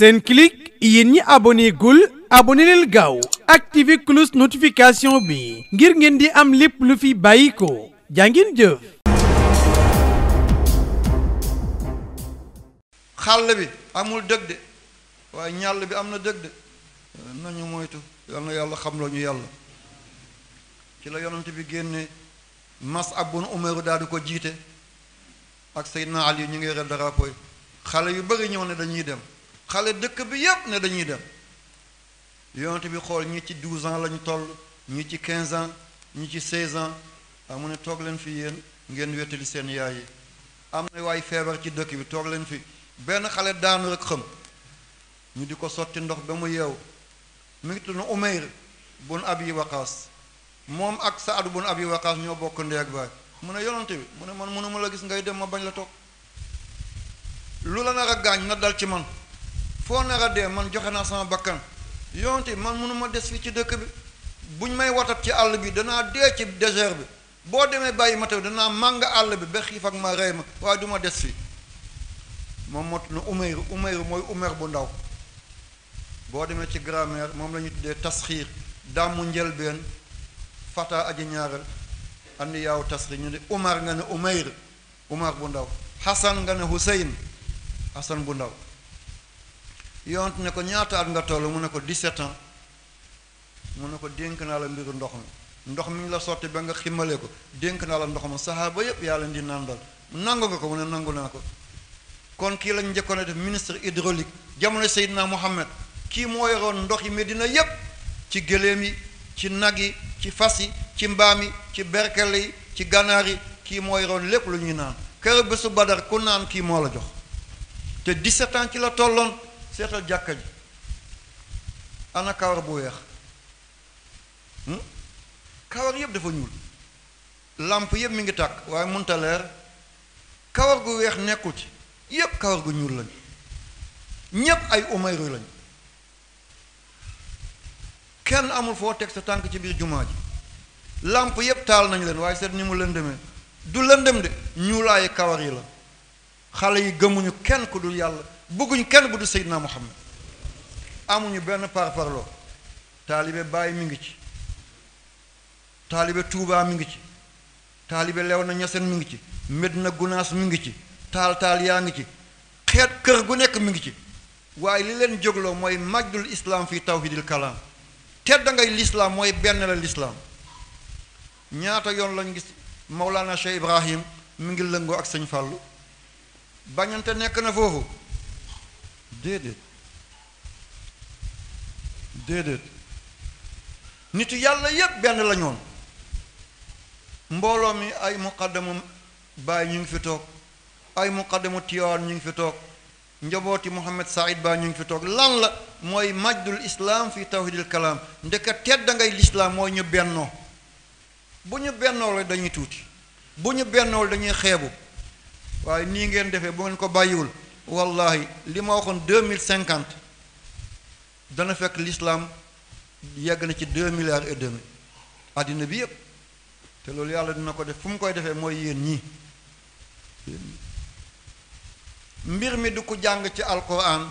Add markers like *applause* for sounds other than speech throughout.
Senclic yéen ñi abonné gul abonné leen gaaw activé cloche notification bi ngir ngeen di am lépp lu fi bàyyi ko jàngin jëf. xàll bi amul dëgg de waaye ñàll bi am na dëgg de nañu moytu yal na yàlla xamloo ñu yàlla ci la yonent bi génne mas abun umeru daal di ko jiite ak Seydina yi ñu ngi yore drapeau xale yu bari ñëw ne dañuy dem. xale dëkk bi yépp ne dañuy dem yonent bi xool ñi ci 12 ans lañu toll ñi ci 15 ans ñi ci 16 ans amu ah, ne toog leen fi yéen ngeen wettali seen yaay yi am na waay feebar ci dëkk bi toog leen fi benn xale daanu rek xëm ñu di ko sotti ndox ba mu yeew mi ngi tudd na Umayr bun Abi Waqaas moom ak Saad bun Abi Waqaas ñoo bokk ndey ak baay mu ne yonante bi mu ne man mënuma la gis ngay dem ma bañ la toog lu la nar a gaañ na dal ci man foo nara a dee man joxe naa sama bakkan yonte man mënuma des fi ci dëkk bi buñ may watat ci àll bi danaa dee ci désert bi boo demee bàyyi ma taw danaa màng àll bi ba xiif ak ma rey ma waaye duma des fi moom moo na umayr umayr mooy umer bu ndaw boo demee ci grammaire moom la ñu tuddee tasxiir dàmmu njëlbeen fata aji ñaareel andi yaaw tasxiir ñu ne umar nga ne umayr umar ndaw xasan nga ne huseyn xasan bu ndaw yonent ne ko ñaata nga toll mu ne ko 17 ans mu ne ko dénk naa la mbiru ndox mi ndox mi ñu la sotti ba nga ximmalee ko dénk naa la ndox ma saxaaba yépp yàlla di nàndal nangu nga ko mu ne nangu naa ko kon kii lañ njëkkoon a def ministre hydraulique jamono Seydina Mohamed kii moo yoroon ndox yi Medina yépp ci gëléem yi ci nag yi ci fas yi ci mbaam yi ci berkele yi ci ganaar yi kii moo yoroon lépp lu ñuy naan keroog bésu Badar ku naan kii moo la jox seetal jàkka ji ana kawar bu weex hmm? kawar yëpp dafa ñuul làmp yëpp mi ngi tàkk waaye munta leer kawar gu weex nekkul ci yëpp kawar gu ñuul lañ ñépp ay umayru lañ kenn amul foo teg sa tànk ci biir jumaa ji làmp yëpp taal nañ leen waaye seet ni mu lëndëmee du lëndëm de ñuulaayi kawar yi la xale yi gëmuñu kenn ku dul yàlla bëgguñ kenn bu du Seydina Muhammad amuñu benn par parloo bàyyi Baay mi ngi ci taalibe Touba mi ngi ci taalibe Léona Niassène mi ngi ci na Gunaas mi ngi ci taal taal yaa ngi ci xeet kër gu nekk mi ngi ci waaye li leen jógloo mooy majdul islaam fi tawhidil kalaam tedd ngay lislaam mooy benn la lislaam ñaata yoon lañ gis Mawlana Cheikh Ibrahim mi ngi lëngoo ak sëñ Fàllu bañante nekk na foofu déedéet déedéet nitu yàlla yépp benn la mbooloo mi ay muqaddamu baay ñu ngi fi toog ay muqaddamu tiwaan ñu ngi fi toog njabooti Mouhamed Saïd Ba ñu ngi fi toog lan la mooy majdul islaam fi tawhidil kalaam ndeka tedd ngay lislaam mooy ñu bennoo bu ñu bennoo la dañuy tuuti bu ñu bennoo la dañuy xeebu waaye nii ngeen defee bu ngeen ko bàyyiwul wallahi li ma waxoon deux mille cinquante dana fekk lislaam yegg na ci deux milliards et àddina bi yëpp te loolu yàlla dina ko def fu mu koy defee mooy yéen ñii mbir mi du ko jàng ci alquran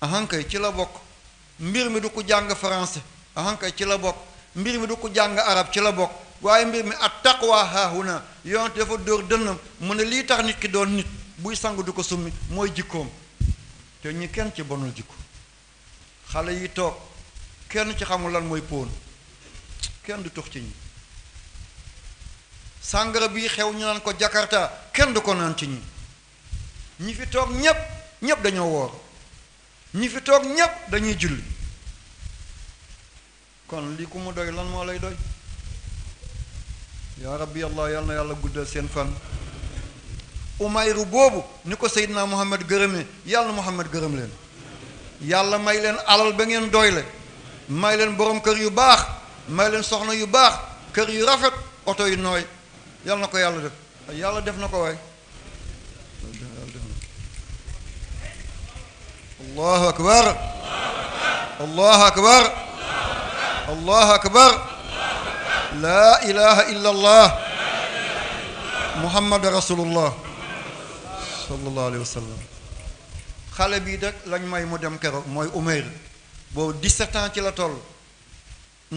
ahankay ci la bokk mbir mi du ko jàng français ahankay ci la bokk mbir mi du ko jàng arab ci la bokk waaye mbir mi at taqwa haahuna yonent dafa dóor dënnam mu ne lii tax nit ki doon nit buy sangu du ko summi mooy jikkoom te ñi kenn ci bonul jikko xale yi toog kenn ci xamul lan mooy póon kenn du tux ci ñi sàngara bii xew ñu naan ko jakarta kenn du ko naan ci ñi ñi fi toog ñépp ñépp dañoo woor ñi fi toog ñépp dañuy julli kon lii ku mu doy lan moo lay doy yaa rabbi allah yàlla na yàlla guddal seen fan umayru boobu ni ko seydina muhammad gërëmee na muhammad gërëm leen yàlla may leen alal ba ngeen doyle may leen borom kër yu baax may leen soxna yu baax kër yu rafet oto yu nooy yàlla na ko yàlla def yàlla def na ko waay allahu akbar allahu akbar allahu akbar laa muhammad rasulullah sallallahu alayhi xale bii rek lañ may mu dem keroog mooy Umayr boobu 17 ci la toll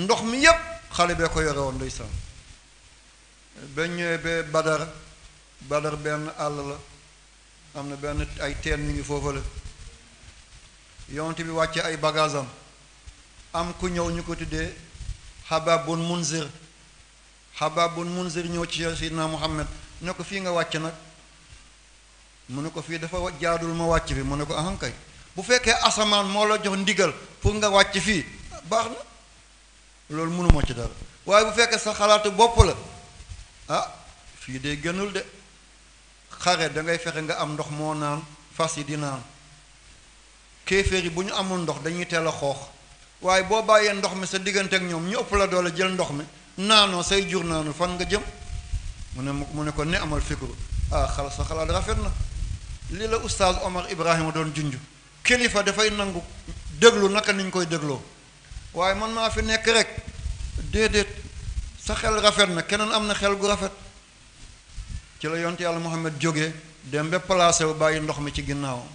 ndox mi yépp xale bee ko yore woon ndeysaan ba ñëwee ba Badar Badar benn àll la am na benn ay teen mi ngi foofa la yonent bi wàcce ay bagaasam am ku ñëw ñu ko tuddee Habab bun Munzir Habab bun Munzir ñëw ci Seydina Muhammad ne ko fii nga wàcce nag mu ne ko fii dafa jaadul ma wàcc fi mu ne ko ahankay bu fekkee asamaan moo la jox ndigal pour nga wàcc fii baax na loolu mënuma ci dara waaye bu fekkee sa xalaatu bopp la ah fii de gënul de xare dangay ngay fexe nga am ndox moo naan fas yi di naan kéeféer yi bu ñu amul ndox dañuy teel a xoox waaye boo bàyyee ndox mi sa diggante ak ñoom ñu ëpp la doole jël ndox mi naanoo say jur naanu fan nga jëm mu ne mu ne ko ne amal fikru ah xala sa xalaat rafet na lii la oustaz Omar Ibrahima doon junj kilifa dafay nangu déglu naka niñ koy dégloo waaye man maa fi nekk rek déedéet sa xel rafet na keneen am na xel gu rafet ci la yonte yàlla Muhammad jógee dem ba placé wu bàyyi ndox mi ci ginnaawam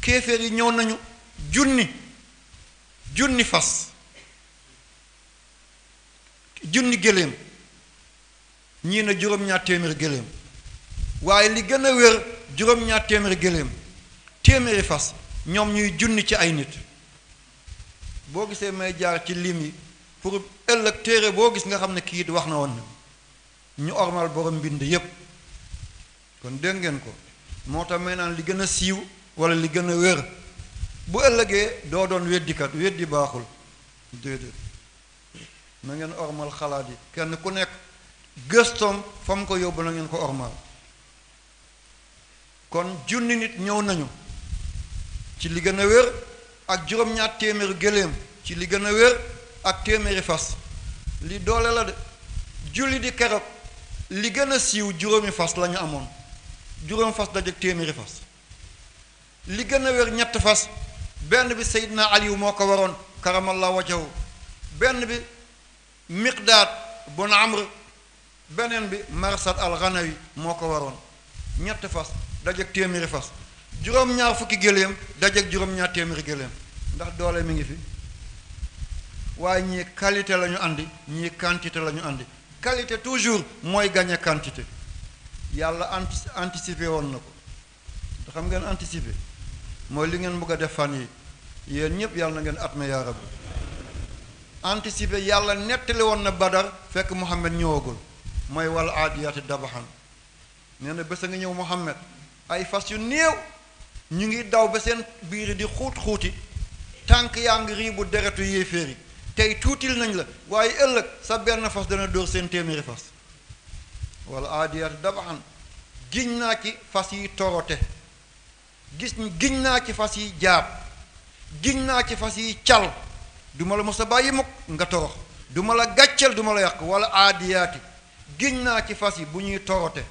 kéeféer yi ñëw nañu junni junni fas junni géléem ñii na juróom-ñaar téeméer géléem waaye li gën a wér juróom-ñaar téeméeri gëléem téeméeri fas ñoom ñuy junni ci ay nit boo gisee may jaar ci lim yi pour ëllëg téere boo gis nga xam ne kii it wax na woon ñu ormal borom mbind yépp kon dégg ngeen ko moo tax may naan li gën a siiw wala li gën a wér bu ëllëgee doo doon weddikat weddi baaxul déedéet na ngeen ormal xalaat yi kenn ku nekk gëstoom fa ko yóbbu na ngeen ko ormal kon junni nit ñëw nañu ci li gën a wér ak juróom-ñaar téeméeri gëléem ci li gën a wér ak téeméeri fas li doole la de julli di keroog li gën a siiw juróomi fas lañu amoon juróom fas dajeek téeméeri fas li gën a wér ñett fas benn bi Seydina Aliyu moo ko waroon karamallahu wajahu benn bi Miqdaad bun Amr beneen bi Marsad al-Ghanawi moo ko waroon ñett fas dajeeg téeméeri fas juróom-ñaar fukki géléem dajeeg juróom-ñaar téeméeri géléem ndax doole mi ngi fi waaye ñii qualité la ñu andi ñii quantité la ñu andi qualité toujours mooy gañe quantité yàlla anti anticipé woon na ko te xam ngeen anticipé mooy li ngeen bëgg a def fan yi yéen ñëpp yàlla na ngeen atme yaa rabbi anticipé yàlla nettali woon na badar fekk Muhammad ñëwagul mooy wal aadiyaati dabaxan nee bés a ngi ñëw Muhammad ay fas yu néew ñu ngi daw ba seen biir di xuut xuuti tànk yaa ngi bu deretu yéeféer yi tey tuutil nañ la waaye ëllëg sa benn fas dana dóor seen téeméeri fas wala aadiyaat dabaxan giñ naa ci fas yi torote gis giñ naa ci fas yi jaab giñ naa ci fas yi cal duma la mos a bàyyi mukk nga torox duma la gàcceel duma la yàq wala aadiyaati giñ naa ci fas yi bu ñuy torote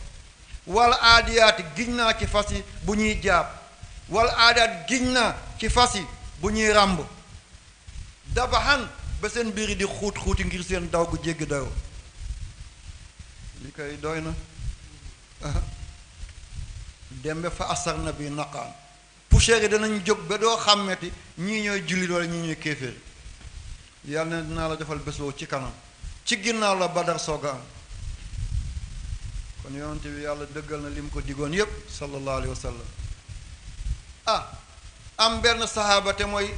wal aadiyaati giñ naa ci fas yi bu ñuy jaab wal aadiyaat giñ naa ci fas yi bu ñuy ràmb dabaxan ba seen biir di xuut xuuti ngir seen daw gu jéggi dayoo li koy doy na dembe fa asar na bi naqaan poussière yi danañ jóg ba doo xàmmeti ñii ñooy jullit wala ñii ñooy kéeféer yàlla ne dinaa la defal bés ci kanam ci ginnaaw la badar sooga am kon yonente bi yàlla dëggal na li mu ko digoon yépp sallallahu alayhi wa ah am benn saxaaba te mooy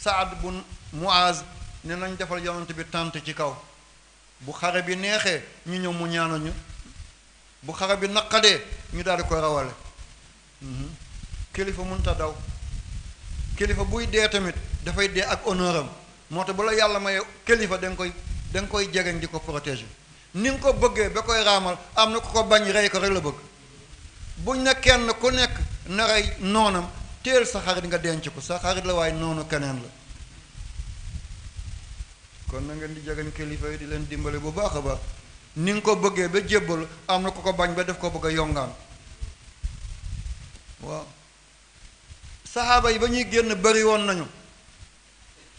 saad bu muaz ne nañ defal yonente bi tànt ci kaw bu xare bi neexee ñu ñëw mu ñaanañu bu xare bi naqadee ñu daal di koy rawale mhm. kilifa mënta daw kilifa buy dee tamit dafay dee ak honneur moo tax bu yàlla maye kilifa da koy danga koy jegeñ di ko protéger ni nga ko bëggee ba koy raamal am na ko ko bañ rey ko rek la bëgg buñ ne kenn ku nekk na rey noonam teel sa xarit nga denc ko sa xarit la waaye noonu keneen la kon na ngeen di jegeñ kilifa yi di leen dimbali bu baax a baax ni nga ko bëggee ba jébbal am na ko ko bañ ba def ko bëgg a yongaan waaw saxaaba yi ba ñuy génn bari woon nañu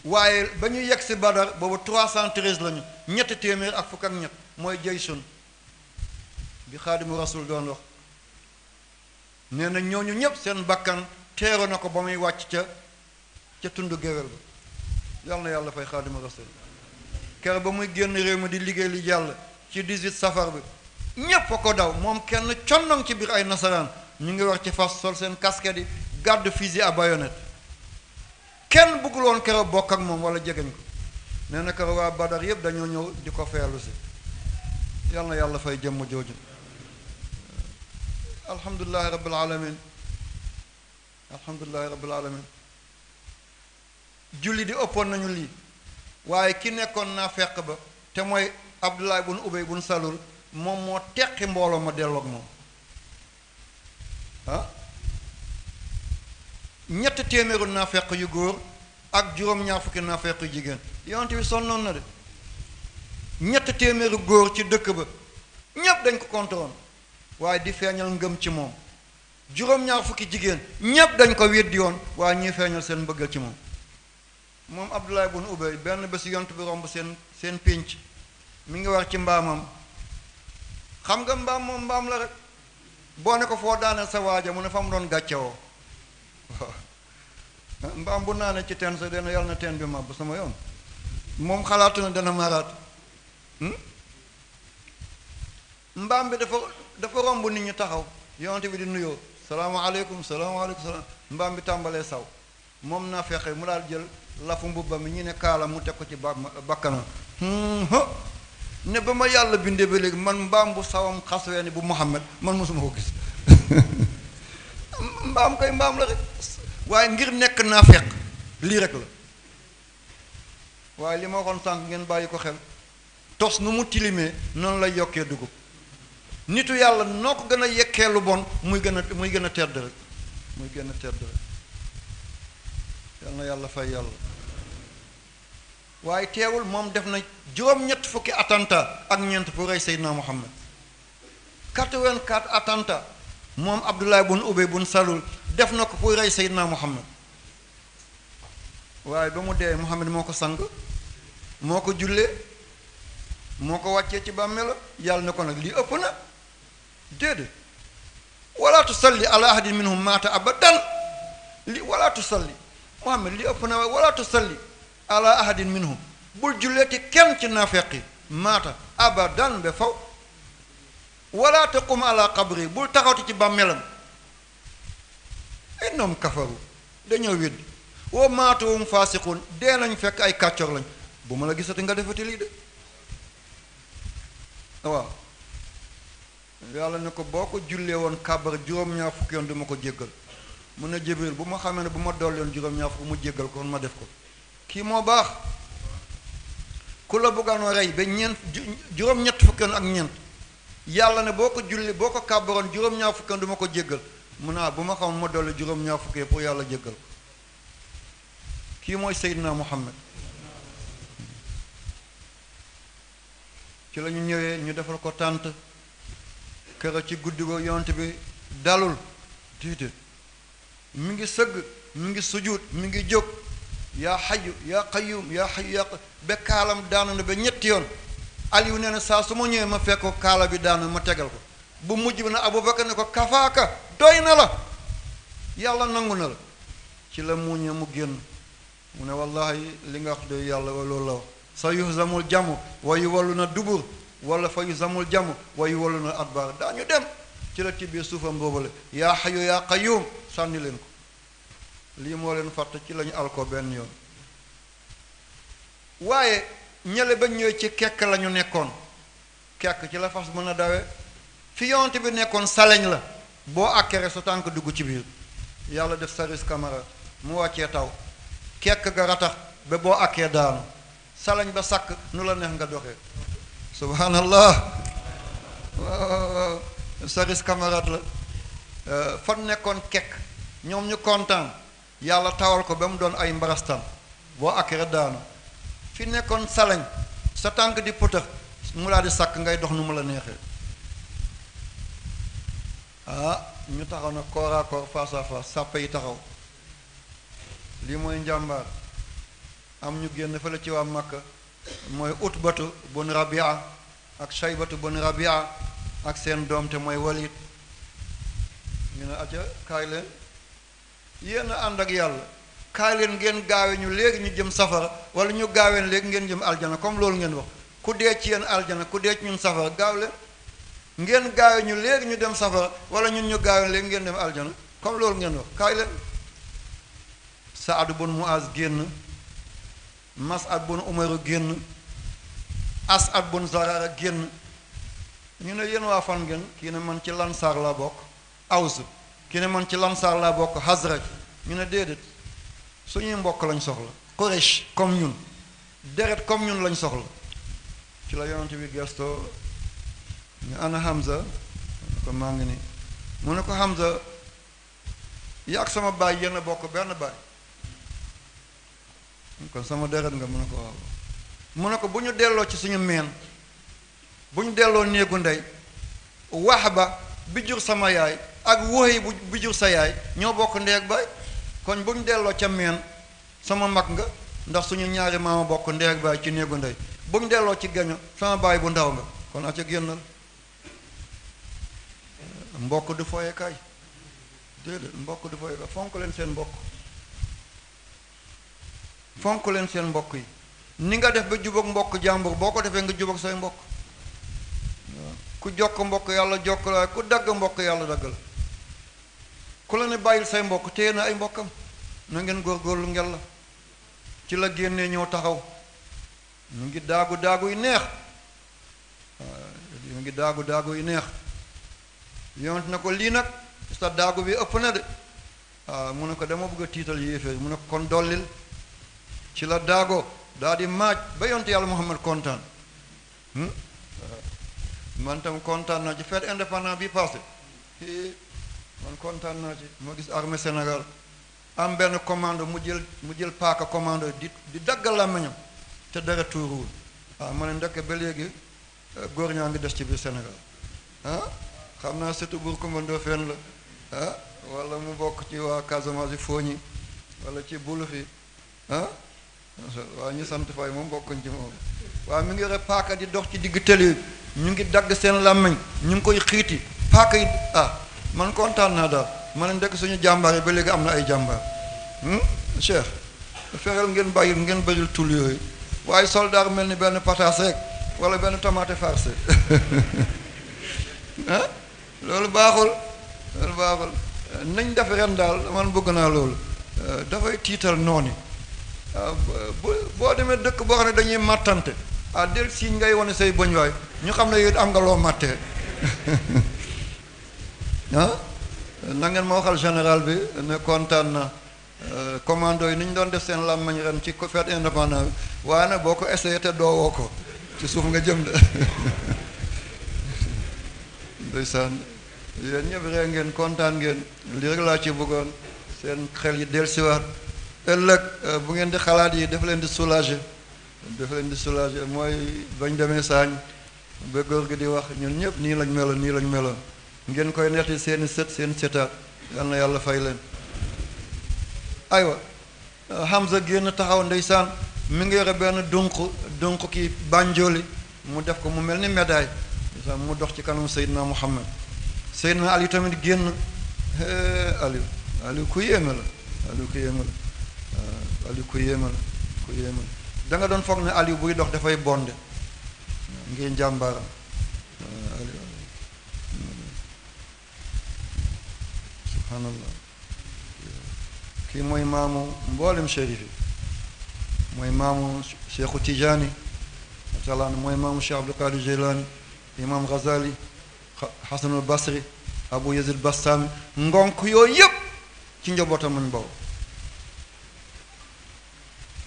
waaye ba ñu yegg si Badar boobu 313 lañu ñetti téeméer ak fukk ak ñett mooy jaysun bi xaadimu rasul doon wax nee na ñooñu ñëpp seen bakkan teeru na ko ba muy wàcc ca ca tund géwél bi yal na yàlla fay xaadimu rasul kere ba muy génn réew mi di liggéey li jàll ci 18 safar bi ñépp a ko daw moom kenn connoŋ ci biir ay nasaraan ñu ngi war ci fas sol seen casquette yi gàddu fusil à baïonnette kenn bëggul woon keroog bokk ak moom wala jegeñ ko nee na keroog waa Badar yëpp dañoo ñëw di ko feelu si yal na yàlla fay jëmm jooju alhamdulilahi rabbil alamin alhamdulilahi rabbil alamin julli di ëppoon nañu lii waaye ki nekkoon naa fekk ba te mooy Abdullah bun Ubay bun Salul moom moo teqi mbooloo ma delloog moom ñett téeméeru naafeq yu góor ak juróom-ñaar fukki naafeq yu jigéen yonent bi sonnoon na de ñett téeméeru góor ci dëkk ba ñépp dañ ko kontoon waaye di feeñal ngëm ci moom juróom-ñaar fukki jigéen ñépp dañ ko weddi yoon waaye ñuy feeñal seen mbëggal ci moom moom Abdoulaye nu Ubay benn bés yonent bi romb seen seen pénc mi ngi war ci mbaamam xam nga mbaam moom mbaam la rek boo ne ko foo daaneel sa waaja mu ne fa mu doon gàccewoo mbaam bu naanee ci teen sa den yàlla na teen bi màbb sama yoon moom xalaatu na dana maraat hmm? mbaam bi dafa dafa romb nit ñi taxaw yonante bi di nuyoo salaamaaleykum salaamaaleykum salaam mbaam bi tàmbalee saw moom naa fexe mu daal jël lafu mbubba mi ñu ne kaala mu teg ko ci ba bakkana hmm, ne ba ma yàlla bindee ba léegi man mbaam bu sawam xaswee ni bu Muhammad man mosuma ko gis *laughs* mbaam kay mbaam la rek waaye ngir nekk naa fekk lii rek la waaye li ma waxoon sànq ngeen bàyyi ko xel tos nu mu tilimee noonu lay yokkee dugub nitu yàlla noo ko gën a yekkee lu bon muy gën a muy gën a tedd rek muy gën a tedd rek yàlla fay yàlla waaye teewul moom def na juróom-ñett fukki attentat ak ñeent pour rey Seydina Muhammad 84 attentat moom Abdullah bun Ubay bun Salul def na ko pour rey Seydina Muhammad waaye ba mu dee Muhammad moo ko sang moo ko jullee moo ko wàccee ci bàmmeela yàlla na ko nag lii ëpp na déedéet wala tusalli ala ahadin minhum maata abadan li wala tusalli Muhammad lii ëpp na waaye wala tusalli ala minhum bul julleeti kenn ci naafeqi maata abadan ba faw wala taqum ala qabri bul taxawti ci bàmmeelam innahum kafaru dañoo wedd wa maatuhum faasiqun dee nañ fekk ay kàccoor lañ bu ma la gisati nga defati lii de waaw yàlla ne ko boo ko jullee woon kàbbar juróom-ñaar fukki yoon du ma ko jéggal mun na Jibril bu ma xamee bu ma dolli yoon mu jéggal ko ma def ko kii moo baax ku la bëggoon rey ba ñeent juróom-ñett fukki yoon ak ñeent yàlla ne boo ko julli boo ko kàbbaroon juróom-ñaar fukki yoon du ma ko jéggal mun naa ah, bu ma xamoon ma dolli juróom-ñaar fukk yi pour yàlla jéggal ko kii mooy Seydina Muhammad ci la ñëwee ñu defal ko tànt kër ci guddi go yonent bi dalul déedéet mi ngi sëgg mi ngi sujuut mi ngi jóg yaa xayu yaa xayuum yaa xayu yaa ba kaalam daanu na ñetti yoon Aliou nee na saa su ma ñëwee ma fekk kaala bi daanu ma tegal ko bu mujj bi na Abubakar ne ko kafaaka toy na la yàlla nangu na la ci la muuñe mu génn mu ne wallahi li nga wax doy yàlla loolu la wax sa yuhzamul jamu wa yuwalluna dubur wala fa yuhzamul jamu wa yuwalluna adbar daañu dem ci la tibbee suufam boobale yaa xayu yaa qayyum sànni leen ko lii moo leen fàtte ci lañu al ko benn yoon waaye ñale ba ñëw ci kekk lañu nekkoon kekk ci la fas mën a dawe fi bi nekkoon saleñ la boo àkkere sa tànk dugg ci biir yàlla def saris kamara mu wàccee taw kekk ga ratax ba boo àkkee daanu salañ ba sàkk nu la neex nga doxee subhanallah service camarade la euh, fan nekkoon kekk ñoom ñu kontaan yàlla tawal ko ba mu doon ay mbarastan boo àkkee daanu fi nekkoon salañ sa tànk di putax mu laa di sàkk ngay dox nu mu la neexee ah ñu taxaw na corps à corps face à yi taxaw lii mooy njàmbaar am ñu génn fële ci waa Makka mooy utbatu bun rabia ak shaybatu bun rabia ak seen doom te mooy walit ñu ne aja kaay leen ànd ak yàlla kaay leen ngeen gaawe ñu léegi ñu jëm safara wala ñu gaaween léegi ngeen jëm aljana comme loolu ngeen wax ku dee ci yenn aljana ku dee ci ñun safara gaaw leen ngeen gaayo ñu léegi ñu dem safara wala ñun ñu gaayo léegi ngeen dem aljana comme loolu ngeen wax kaay leen Saad bun Muaz génn Mas'ad bun Umaru génn As'ad bun Zarara génn ñu ne yéen waa fan ngeen kii ne man ci lansaar laa bokk Aws kii ne man ci lansaar laa bokk Hazraj ñu ne déedéet suñuy mbokk lañ soxla Quraysh comme ñun deret comme ñun lañ soxla ci la yonent bi gestoo ñu ana Hamza ko maa ngi ni mu ne ko Hamza yi ak sama baay yenn bokk benn baay kon sama deret nga mu ne ko mu ne ko bu ñu delloo ci suñu meen buñ delloo néegu ndey wax ba bi jur sama yaay ak wóoy bu bi jur sa yaay ñoo bokk ndey ak baay kon bu ñu delloo ca meen sama mag nga ndax suñu ñaari maama bokk ndey ak baay ci néegu ndey bu ñu delloo ci gaño sama baay bu ndaw nga kon acca génnal mbokk du foyekaay déedéet mbokk du foyekaay fonk leen seen mbokk fonk leen seen mbokk yi ni nga def ba jubóog mbokk jàmbur boo ko defee nga jubóog say mbokk ku jokk mbokk yàlla jokk la ku dagg mbokk yàlla dagg la ku la ne bàyyil say mbokk téye na ay mbokkam na ngeen lu ngel la ci la génnee ñëw taxaw mu ngi daagu daagu yi neex mu ngi daagu daagu yi neex yonent na ko lii nag sa daagu bi ëpp na de waaw ah, mu ne ko dama bugg a tiital yéeféer mu ne ko kon dollil ci la daago daldi di maaj ba yonent yàlla Muhammad kontaan hmm? man tam kontaan naa ci fête indépendance bi passé man kontaan naa ci ma gis armée Sénégal am benn commando mu jël mu jël paaka commando di di daggal làmmiñam te dara tuuruwul ah, ma ne ndekk ba léegi eh, góor ñaa ngi des ci biir Sénégal ah? xam naa sëtu buur ko mën fen la ah wala mu bokk ci waa Casamance yi fooñi wala ci bulu fi ah waa ñu sant fay moom bokkuñ ci moom waa mi ngi yore paaka di dox ci digg tëli ñu ngi dagg seen làmmiñ ñu ngi koy xiiti paaka yi ah man kontaan naa daal ma ne ndekk suñu jàmbaar yi ba léegi am na ay jàmbaar hmm, cheikh fexeel ngeen bàyyil ngeen bëril tul yooyu waaye soldaar mel ni benn pataas rek wala benn tomate farce *laughs* ah. loolu baaxul loolu baaxul nañ def ren daal man bëgg naa loolu dafay tiital noonu ah, boo demee dëkk boo xam ne dañuy màttante ah del si ngay wane say bëñ waay ñu xam ne yéen am nga loo màttee *laughs* ah na ngeen ma waxal général bi ne kontaan na euh, commando yi ni doon def seen làmmañ ren ci fête indépendance bi waaye nag boo ko essayé te doo ko ci suuf nga jëm de *laughs* yéen ñëpp ree ngeen kontaan ngeen li rek laa ci bëggoon seen xel yi dellusiwaat ëllëg euh, bu ngeen di xalaat yi def leen di soulager def leen di soulager mooy bañ demee saañ ba góor gi di wax ñun ñëpp nii lañ meloon nii lañ meloon ngeen koy netti seeni sët seen sëtaat yal yàlla fay leen aywa Hamza génn taxaw ndeysaan mi ngi yore benn dunq dunq ki bànjooli mu def ko mu mel ni médaille mu dox ci kanam Seydina Muhammad Seydina Aliou tamit génn Aliou Aliou ku yéeme la Aliou ku yéeme la Aliou ku yéeme la ku yéeme la da nga doon foog ne Aliou buy dox dafay bonde ngir njàmbaaram Aliou subhaanallah kii mooy maamu mboolem chérif yi mooy maamu Cheikhu Tijaani macha allah mooy maamu Cheikh Abdul Qadir Jilani imam Ghazali Hasanul Basri abu yazid bastaami ngonk yooyu yëpp ci njabootam lañ bokk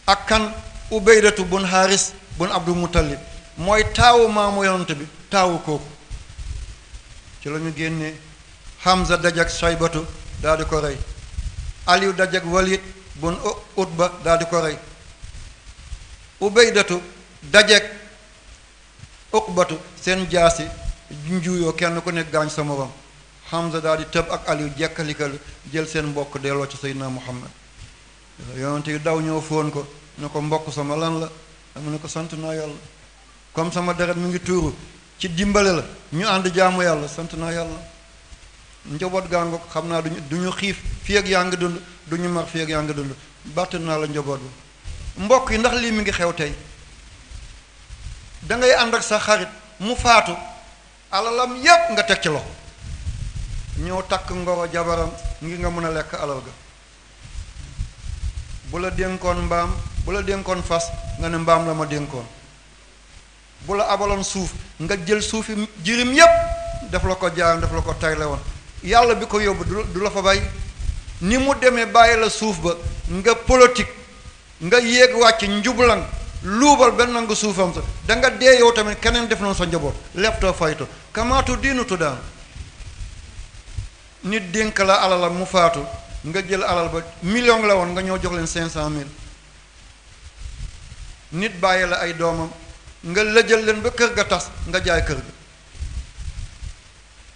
ak kan bun haris bun abdul muttalib mooy taawu maamu yonante bi taawu kooku ci lañu ñu génnee hamza dajak saybatu daal di ko rey aliyu dajak walid bun utba daal di ko rey ubaydatu dajak uqbatu seen jaasi njuuyoo kenn ku nekk gaañ sa morom Hamza daal di tëb ak Aliou jekkalikal jël seen mbokk delloo ci Seydina Muhammad yonent yu daw ñoo fóon ko ne ko mbokk sama lan la am ne ko sant naa yàlla comme sama deret mi ngi tuuru ci dimbale la ñu ànd jaamu yàlla sant naa yàlla njaboot gaango xam naa du duñu xiif fii ak yaa ngi dund duñu mar fii ak yaa ngi dund bàtt naa la njaboot ba mbokk yi ndax lii mi ngi xew tey da ngay ànd ak sa xarit mu faatu alalam yépp nga teg ci loxo ñëw takk ngoro jabaram ngi nga mën a lekk alal ga bu la dénkoon mbaam bu la dénkoon fas nga ne mbaam la ma dénkoon bu la abaloon suuf nga jël suufi jirim yépp daf la ko jaayoon daf la ko tayle woon yàlla bi ko yóbbu du la fa bàyyi ni mu demee bàyyi la suuf ba nga politique nga yéeg wàcc njublan luubal benn nangu suufam sa da nga dee yow tamit keneen def noonu sa njaboot leptoo fayto kamaatu diinutu daan nit dénk la alalam mu faatu nga jël alal ba million la woon nga ñëw jox leen cinq cent mille nit bàyyi la ay doomam nga lëjal leen ba kër ga tas nga jaay kër ga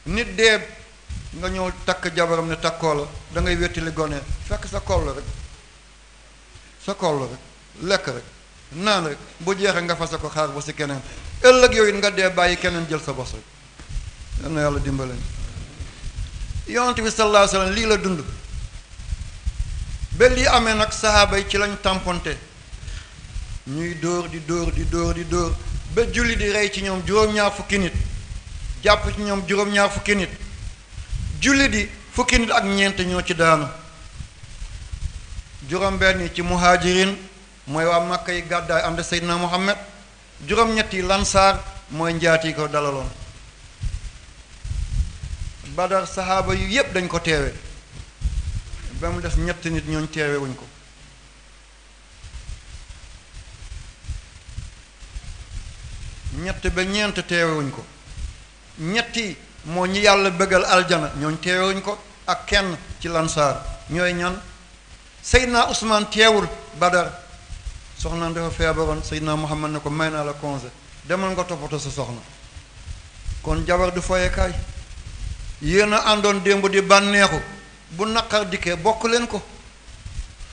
nit dee nga ñëw takk jabaram ne takkoo la da ngay wettali gone fekk sa koll rek sa koll rek lekk rek naan rek bu jeexee nga fase ko xaar ba si keneen ëllëg yooyu nga dee bàyyi keneen jël sa bos rek yal na yàlla dimbale yonent bi sallallahu lii la dund benn lii amee nag saxaaba yi ci lañ tamponte ñuy dóor di dóor di dóor di dóor ba julli di rey ci ñoom juróom-ñaar fukki nit jàpp ci ñoom juróom-ñaar fukki nit julli di fukki nit ak ñeent ñoo ci daanu juróom-benn ci muhaajirin mooy waa Makka yi gàddaay ànd Seydina Muhammad juróom-ñett yi lansaar mooy njaati ko dalaloon badar saxaaba yu yëpp dañ ko teewe ba mu des ñett nit ñooñ teewe wuñ ko ñett ba ko ñetti moo ñu yàlla bëggal aljana ñooñ teewe ko ak kenn ci lansaar ñooy ñan naa Ousmane teewul badar soxnaan dafa feebaroon Seydina Muhammad ne ko may naa la congé demal nga toppatoo sa soxna kon jabar du foyekaay yéen a àndoon démb di bànneexu bu naqar dikkee bokk leen ko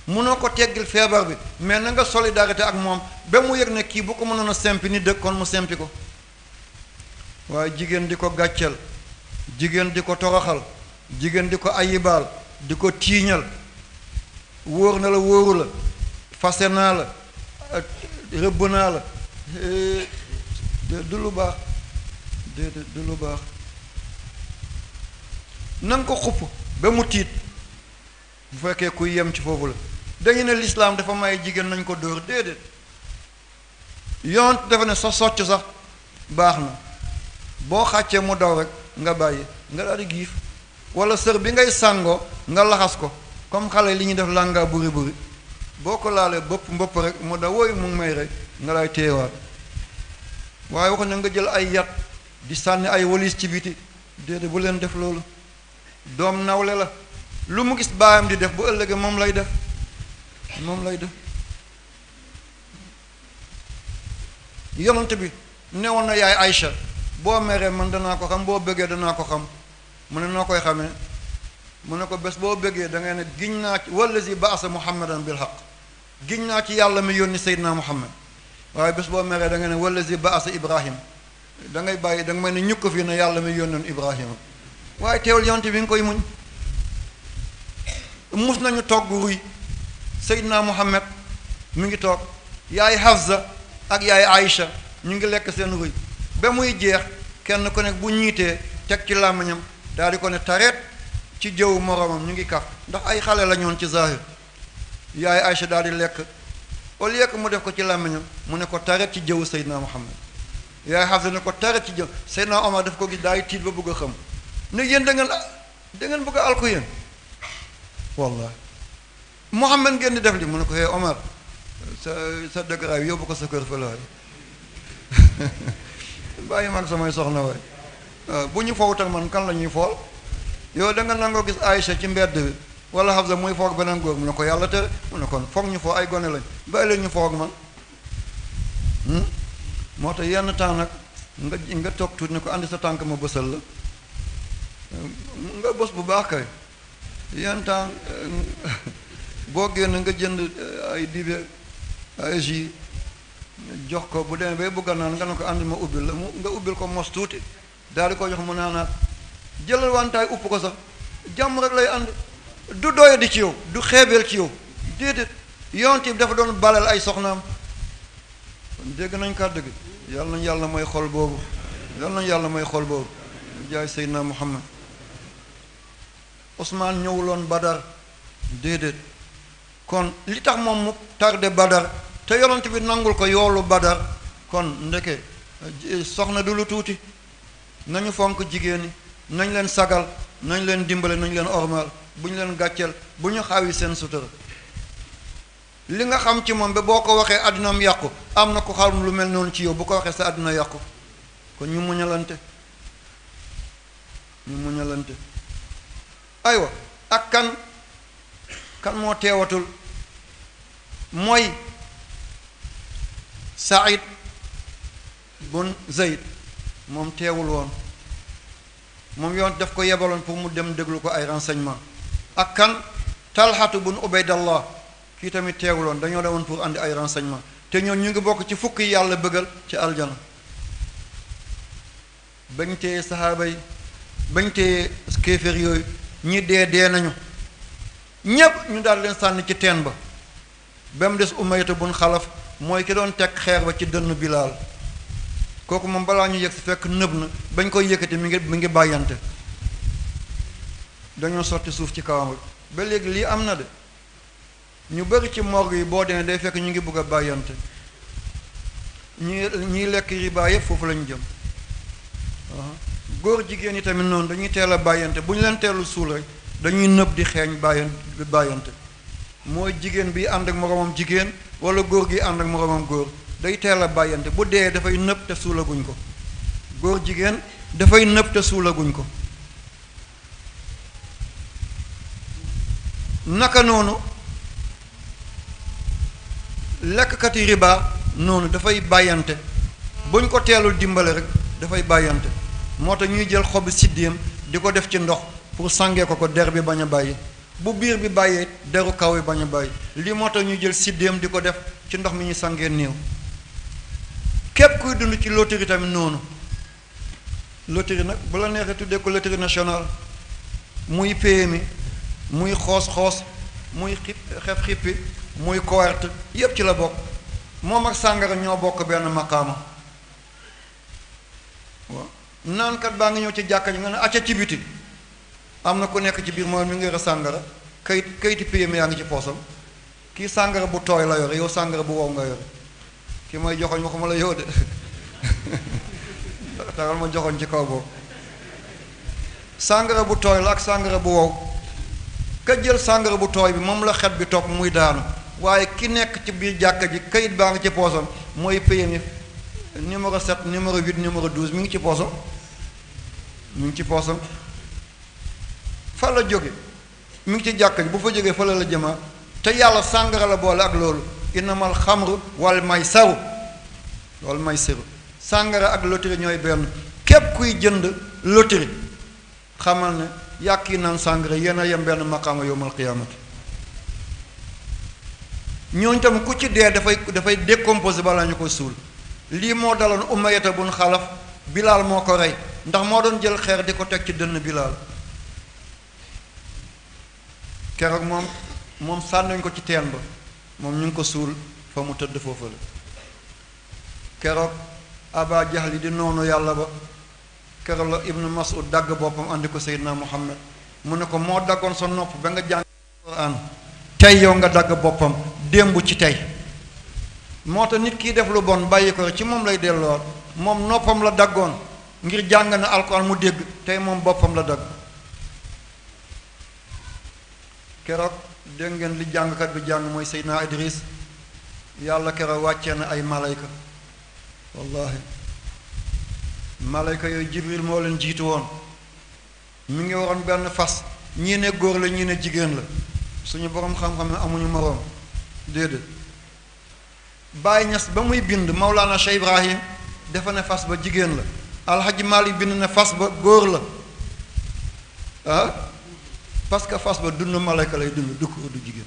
mënoo ko teggil feebar bi mais na nga solidarité ak moom ba mu yëg ne kii bu ko mënoon a sempi ni dëkkoon mu sempi ko waaye jigéen di ko gàccel jigéen di ko toroxal jigéen di ko ayibaal di ko tiiñal wóor na la wóoru la fase naa la rëbb naa la eh, du lu baax déedéet lu baax na ko xupp ba mu tiit bu fekkee ku yem ci foofu la dañu ne lislaam dafa may jigéen nañ ko dóor déedéet yont dafa ne sa socc sax baax na boo xàccee mu daw rekk nga bàyyi nga daal di giif wala sër bi ngay sàngoo nga laxas ko comme xale li ñuy def làngaa buri buri boo ko laalee bopp mbopp rek mu da wooyu mu ngi may rek nga lay téyewaat waaye wax na nga jël ay yat di sànni ay walis ci biti déedéet bu leen def loolu doom nawle la lu mu gis baayam di def bu ëllëgee moom lay def moom lay def yonent bi newoon na yaay Aïcha boo meree man danaa ko xam boo bëggee danaa ko xam mu ne noo koy xamee mu ne ko bés boo bëggee da ngay ne giñ naa ci wallazi baasa muhammadan bil haq giñ naa ci yàlla mi yónni seydina muhammad waaye bés boo meree da ngay ne wallazi baasa ibrahim da ngay bàyyi da nga may ne ñukk fii ne yàlla mi yónnoon ibrahima waaye teewul yonte bi nga koy muñ mus nañu togg ruy naa Muhammad mu ngi toog yaay Hafsa ak yaay Aïcha ñu ngi lekk seen ruy ba muy jeex kenn ku nekk bu ñiitee teg ci làmmiñam daal di ko ne tareet ci jëw moromam ñu ngi kaf ndax ay xale lañoon ñoon ci zahir yaay Aïcha daal di lekk au lieu que mu def ko ci làmmiñam mu ne ko tareet ci jëw Seydina Muhammad yaay Hafsa ne ko tareet ci jëw Seydina Omar daf ko gis daal di tiit ba bëgg a xam ne yéen da ngeen da ngeen bëgg a alku yéen ngeen di def li mu ne ko hee Omar sa sa dëgëraay yóbbu ko sa kër fa la waay *laughs* bàyyi man samay soxna waay ah, bu ñu fowut ak man kan la ñuy fool yow da nga nangoo gis Aïcha ci mbedd bi wala Hafsa muy foog beneen góor mu ne ko yàlla te mu ne kon foog ñu foo ay gone lañ bàyyi leen ñu foog man hmm? moo tax yenn temps nag nga nga toog tuuti ne ko andi sa tànk ma bësal la nga bos bu baax kay yenn temps euh, *laughs* boo génn nga jënd euh, ay dibe ay jus jox ko bu demee bay bëgg a naan nga ne ko ànd ma ubbil la mu nga ubbil ko mos tuuti daal di ko jox mu naanaat jëlal wantaay upp ko sax jàmm rek lay ànd du doya di ci yow du xeebeel ci yow déedéet yonent bi dafa doon balal ay soxnaam kon dégg nañ kàddu gi yàlla nañ yàlla mooy xol boobu yàlla nañ yàlla mooy xol boobu jaay Seydina Muhammad Ousmane ñëwuloon Badar déedéet kon li tax moom mu tardé Badar te yonent bi nangul ko yoolu Badar kon ndeke eh, soxna du lu tuuti nañu fonk jigéen ñi nañ leen sagal nañ leen dimbale nañ leen ormal bu ñu leen gàcceel bu ñu xawi seen sutura li nga xam ci moom ba boo ko waxee àddinaam yàqu am na ko xam lu mel ni noonu ci yow bu ko waxee sa àddina yàqu kon ñu muñalante ñu muñalante aywa ak kan kan moo teewatul mooy Saïd bun Zayd moom teewul woon moom yoon daf ko yebaloon pour mu dem déglu ko ay renseignement ak kan talxatu bun ubaydallah kii tamit teewuloon dañoo demoon pour andi ay renseignement te ñoom ñu ngi bokk ci fukk yi yàlla bëggal ci aljana bañ tee saxaaba yi bañ tee kéeféer yooyu ñi dee dee nañu ñépp ñu daal leen sànni ci teen ba ba mu des umayta bun xalaf mooy ki doon teg xeer ba ci dënn bilaal kooku moom balaa ñu yëg si fekk nëb na bañ koy yëkkati mi ngi mi ngi bàyyante dañoo sotti suuf ci kawam ba léegi lii am na de ñu bëri ci morgue yi boo demee day fekk ñu ngi bëgg a bàyyante ñi ñiy lekk yi riba yëpp foofu la jëm jëm góor jigéen yi tamit noonu dañuy teel a bàyyante bu ñu leen teelu suul rek dañuy nëb di xeeñ bàyyante bàyyante mooy jigéen bi ànd ak moroomam jigéen wala góor gi ànd ak moroomam góor day teel a bàyyante bu dee dafay nëb te suulaguñ ko góor jigéen dafay nëb te ko naka noonu lekkkat yi riba noonu dafay bàyyante buñ ko teelul dimbale rek dafay bàyyante moo tax ñuy jël xobu siddéem di ko def ci ndox pour sangee ko ko der bi bañ a bàyyi bu biir bi bàyyee deru kaw yi bañ a bàyyi lii moo tax ñuy jël siddéem di ko def ci ndox mi ñuy sangee néew képp kuy dund ci loterie tamit noonu loterie nag bala la neexee tuddee ko loterie nationale muy PMI muy xoos-xoos muy xip xef xippi muy cohorte yépp ci la bokk moom ak sàngara ñoo bokk benn maqaama waaw naankat baa ngi ñëw ci jàkka ñu nga ne acca ci biti am na ku nekk ci biir mooy sàngara kayit kayiti PM yaa ngi ci poosam kii sàngara bu tooy la yore sàngara bu wow nga joxoñ waxuma la yow de *laughs* taxal ma joxoñ ci kaw boobu bu tooy la sàngara bu wow ka sàngara bu tooy bi moom la xet bi topp muy daanu waaye ki nekk ci biir jàkka ji kayit baa ngi ci poosam mooy PM numéro set numéro 8 numéro 12 mi ngi ci poosam mi ngi ci poosam fa la jóge mu ngi ci jàkka ji bu fa jógee fa la la jëmaa te yàlla sàngara la boole ak loolu innamal xamru wal may saru wal may saru sàngara ak loterie ñooy benn képp kuy jënd loterie xamal ne yàq yi naan sàngara yenn a yem benn maqaama yowmal qiyaamati ñooñu tam ku ci dee dafay dafay décomposé balaa ñu ko suul lii moo daloon umayata bun xalaf bilaal moo ko rey ndax moo doon jël xeer di ko teg ci dënn bilaal keroog moom moom sànniñ ko ci teen ba moom ñu ngi ko suul fa mu tëdd foofu la keroog aba jahli di noonu yàlla ba keroog la ibnu mas'ud dagg boppam andi ko seydina muhammad mu ne ko moo daggoon sa nopp ba nga jàng quran tey yow nga dagg boppam démb ci tey moo tax nit kiy def lu bon bàyyi ko ci moom lay delloo moom noppam la daggoon ngir jàng na alxuraan mu dégg tey moom boppam la dagg keroog dégg ngeen li jàngkat bi jàng mooy Seydina Idris yàlla keroog wàcce na ay malayka wallahi malayka yooyu Jibril moo leen jiitu woon mu ngi waroon benn fas ñii ne góor la ñii ne jigéen la suñu boroom xam-xam ne amuñu moroom déedéet Baye Niass ba muy bind Maulana Cheikh Ibrahim dafa ne fas ba jigéen la alxaji Mali bind ne fas ba góor la ah parce que fas ba dund malayka lay dund dukkur du jigéen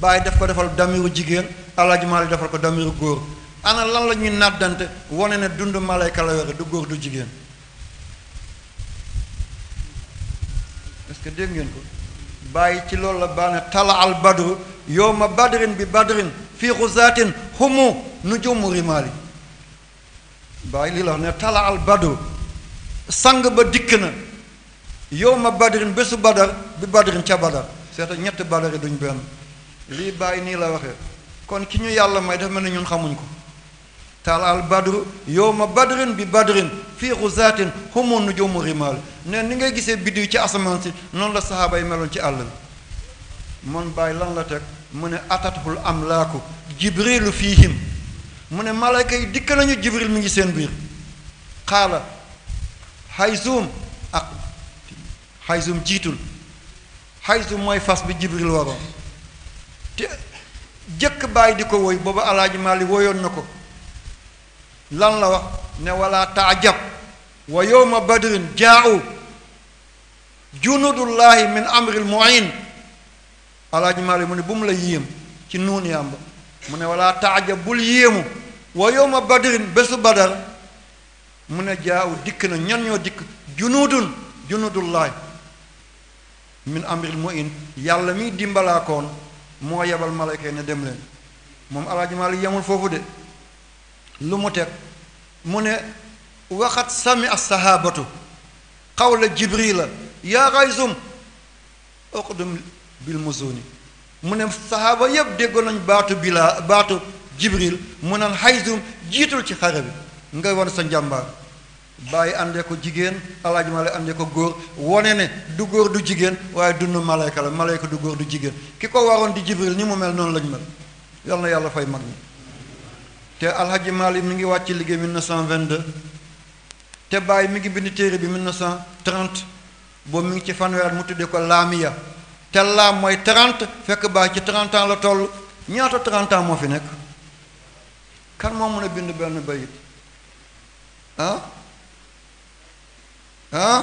Baye def ko defal damiru jigéen alxaji Mali defal ko damiru góor ana lan la nàddante wone ne dund malayka la yore du góor du jigéen est que dégg ngeen ko Baye ci loolu la baa tala al badru yow badrin bi badrin fii xuzaatin humu nu jummu rimaali bàyyi lii la wax ne tala al badru sang ba dikk na yow ma badrin bésu badar bi badrin ca badar seeta ñetti badari duñ benn lii bàyyi nii la waxee kon ki ñu yàlla may dafa mel na ñun xamuñ ko tala al badru yow ma badrin bi badrin fii xuzaatin humu nu jummu rimaali ne ni ngay gisee biddiw ci asamaan si noonu la saxaaba yi meloon ci àll bi man bàyyi lan la teg mu ne atatul amlaaku jibrilu fiihim mu ne malayka yi dikk nañu jibril mi ngi seen biir xaala xaysuum ak xaysuum jiitul xaysuum mooy fas bi jibril waroon te jëkk bàyyi di ko woy booba alaaji maali woyoon na ko lan la wax ne wala taajab wa yowma badrin jaau junudullahi min amril muin alaaji maali mu ne bu mu la yéem ci nuun yàmba mu ne walaa taaja bul yéemu wa ma badrin bésu badar mu ne jaaw dikk na ñan ñoo dikk junuudun junuudullaay min amril mu in yàlla miy dimbalaakoon moo yebal malayka yi ne dem moom alaaji maali yemul foofu de lu mu teg mu ne waxat sami asahaabatu xawla jibrila yaa raysum oqdum bil musuni mu ne saxaaba yépp déggoon nañ baatu bilaa baatu jibril mu naan xaysum jiitul ci xare bi ngay wan sa njàmbaar bàyyi àndee ko jigéen alaaji ma lay àndee ko góor wone ne du góor du jigéen waaye dund malayka la malayka du góor du jigéen ki ko waroon di jibril ni mu mel noonu lañ mel yal na yàlla fay mag ñi te alhaji Malik mu ngi wàcc liggéey 1922 te bàyyi mi ngi bind téere bi 1930 boobu mu ngi ci fanweer mu tuddee ko laamiya te laam mooy 30 fekk baay ci 30 ans la toll ñaata 30 ans moo fi nekk kan moo mën a bind benn bayit ah ah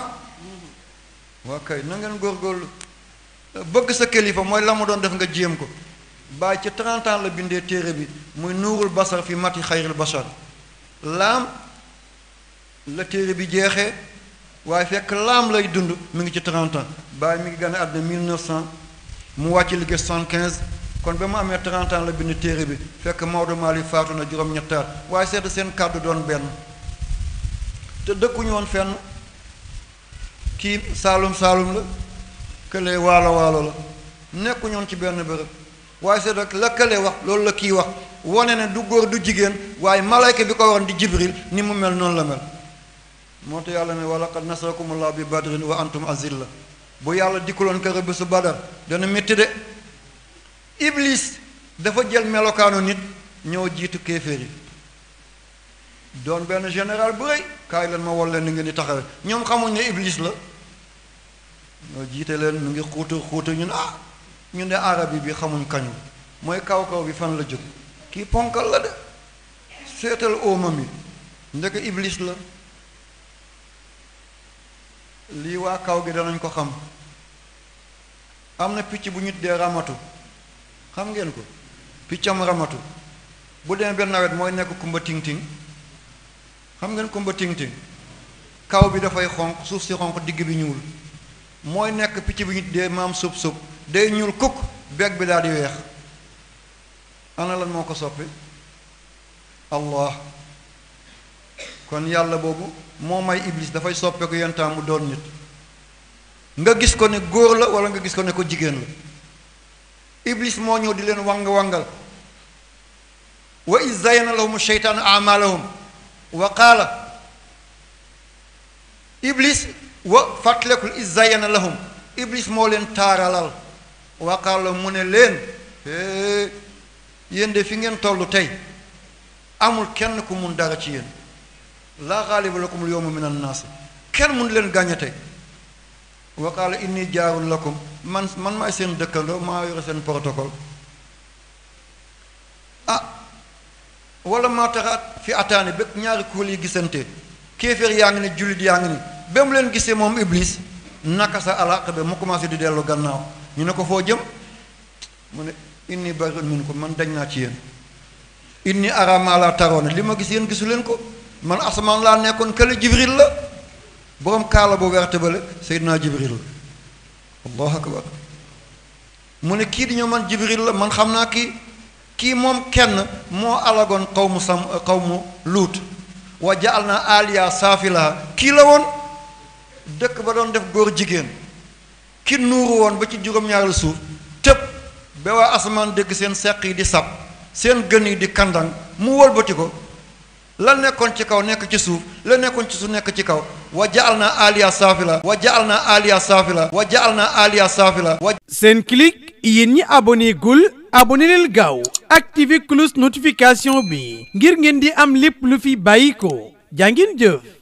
waa kay na ngeen góorlu bëgg sa kilifa mooy la mu doon def nga jéem ko baay ci 30 la bindee téere bi muy nuurul basar fi mati xayril basar laam la téere bi jeexee waaye fekk laam lay dund mu ngi ci 30 ans bàyyi mi ngi gane àddina 1900 mu wàcc liggéey 75 kon ba mu amee 30 ans la bind téere bi fekk Maodo Malick faatu na juróom-ñettaat waaye seet seen kàddu doon benn te dëkkuñu woon fenn kii saalum saalum la këlee waalo waalo la nekkuñu woon ci benn bërëb waaye seet rek la këlee wax loolu la kii wax wone ne du góor du jigéen waaye malayka bi ko waroon di jibril ni mu mel noonu la mel moo tax yàlla ne wa laqad nasarakumullahu bi badrin wa antum la bu yàlla dikkuloon kër bi su badar dana métti de iblis dafa jël melokaanu nit ñëw jiitu kéeféer yi doon benn général bu kaay leen ma wol leen ni ngeen di taxawee ñoom xamuñ ne iblis la ñoo jiite leen mu ngi xuutu xuutu ñun ah ñu ne arab yi bi xamuñ kañu mooy kaw kaw bi fan la jóg kii ponkal la de seetal óomam yi ndeke iblis la lii waa kaw gi danañ ko xam am na picc bu ñu tuddee ramatu xam ngeen ko piccam ramatu bu demee benn nawet mooy nekk kumba ting ting xam ngeen kumba ting ting kaw bi dafay xonq suuf si xonq digg bi ñuul mooy nekk picc bu ñu tuddee maam sub sub day ñuul kukk beeg bi daal di weex ana lan moo ko soppi allah kon yàlla boobu moo may iblis dafay soppeeku yentaan mu doon nit nga gis ko ne góor la wala nga gis ko ne ko jigéen la iblis moo ñëw di leen wang wangal wa iz zayyana lahum sheytaanu amalahum wa qaala iblis wa fàttalekul iz zayyana lahum moo leen taaralal wa qaala mu ne leen yéen de fi ngeen tollu tey amul kenn ku mun dara ci yéen laa xaaliba lakum mu yawma min annaasi kenn nu leen gàññate wa qaala inni la ko man man maay seen dëkkandoo maa yore seen protocole ah wala maa taxaat fi ataani ba ñaari kuréel yi gisante kéeféer yaa ngi ne jullit yaa ngi ni ba mu leen gisee moom iblis naka sa alaq ba mu commencé di dellu gannaaw ñu ne ko foo jëm mu ne inni bariun ko man dañ naa ci yéen inni ara maa laa taroon li ma gis yéen gisu ko man asamaan laa nekkoon kële jibril la boroom kaala bu werte bale seydinaa jibril la allahu akbar mu ne kii di man jibril la man xam naa ki kii moom kenn moo alagoon mu sam mu luut wa jaal na aliya saafilaha kii la woon dëkk ba doon def góor jigéen ki nuuru woon ba ci juróom-ñaareelu suuf tëb ba waa asamaan dégg seen seq yi di sab seen gën yi di kandang mu walbati ko la nekkoon ci kaw nekk ci suuf la nekkoon ci suuf nekk ci kaw wa al na aliya saafi la wa jaal na aliya saafi la wa jaal na aliya saafi la wa Senclic yéen ñi abonné gul abonné leen gaaw activé cloche notification bi ngir ngeen di am lépp lu fi bàyyi ko jàngin jëf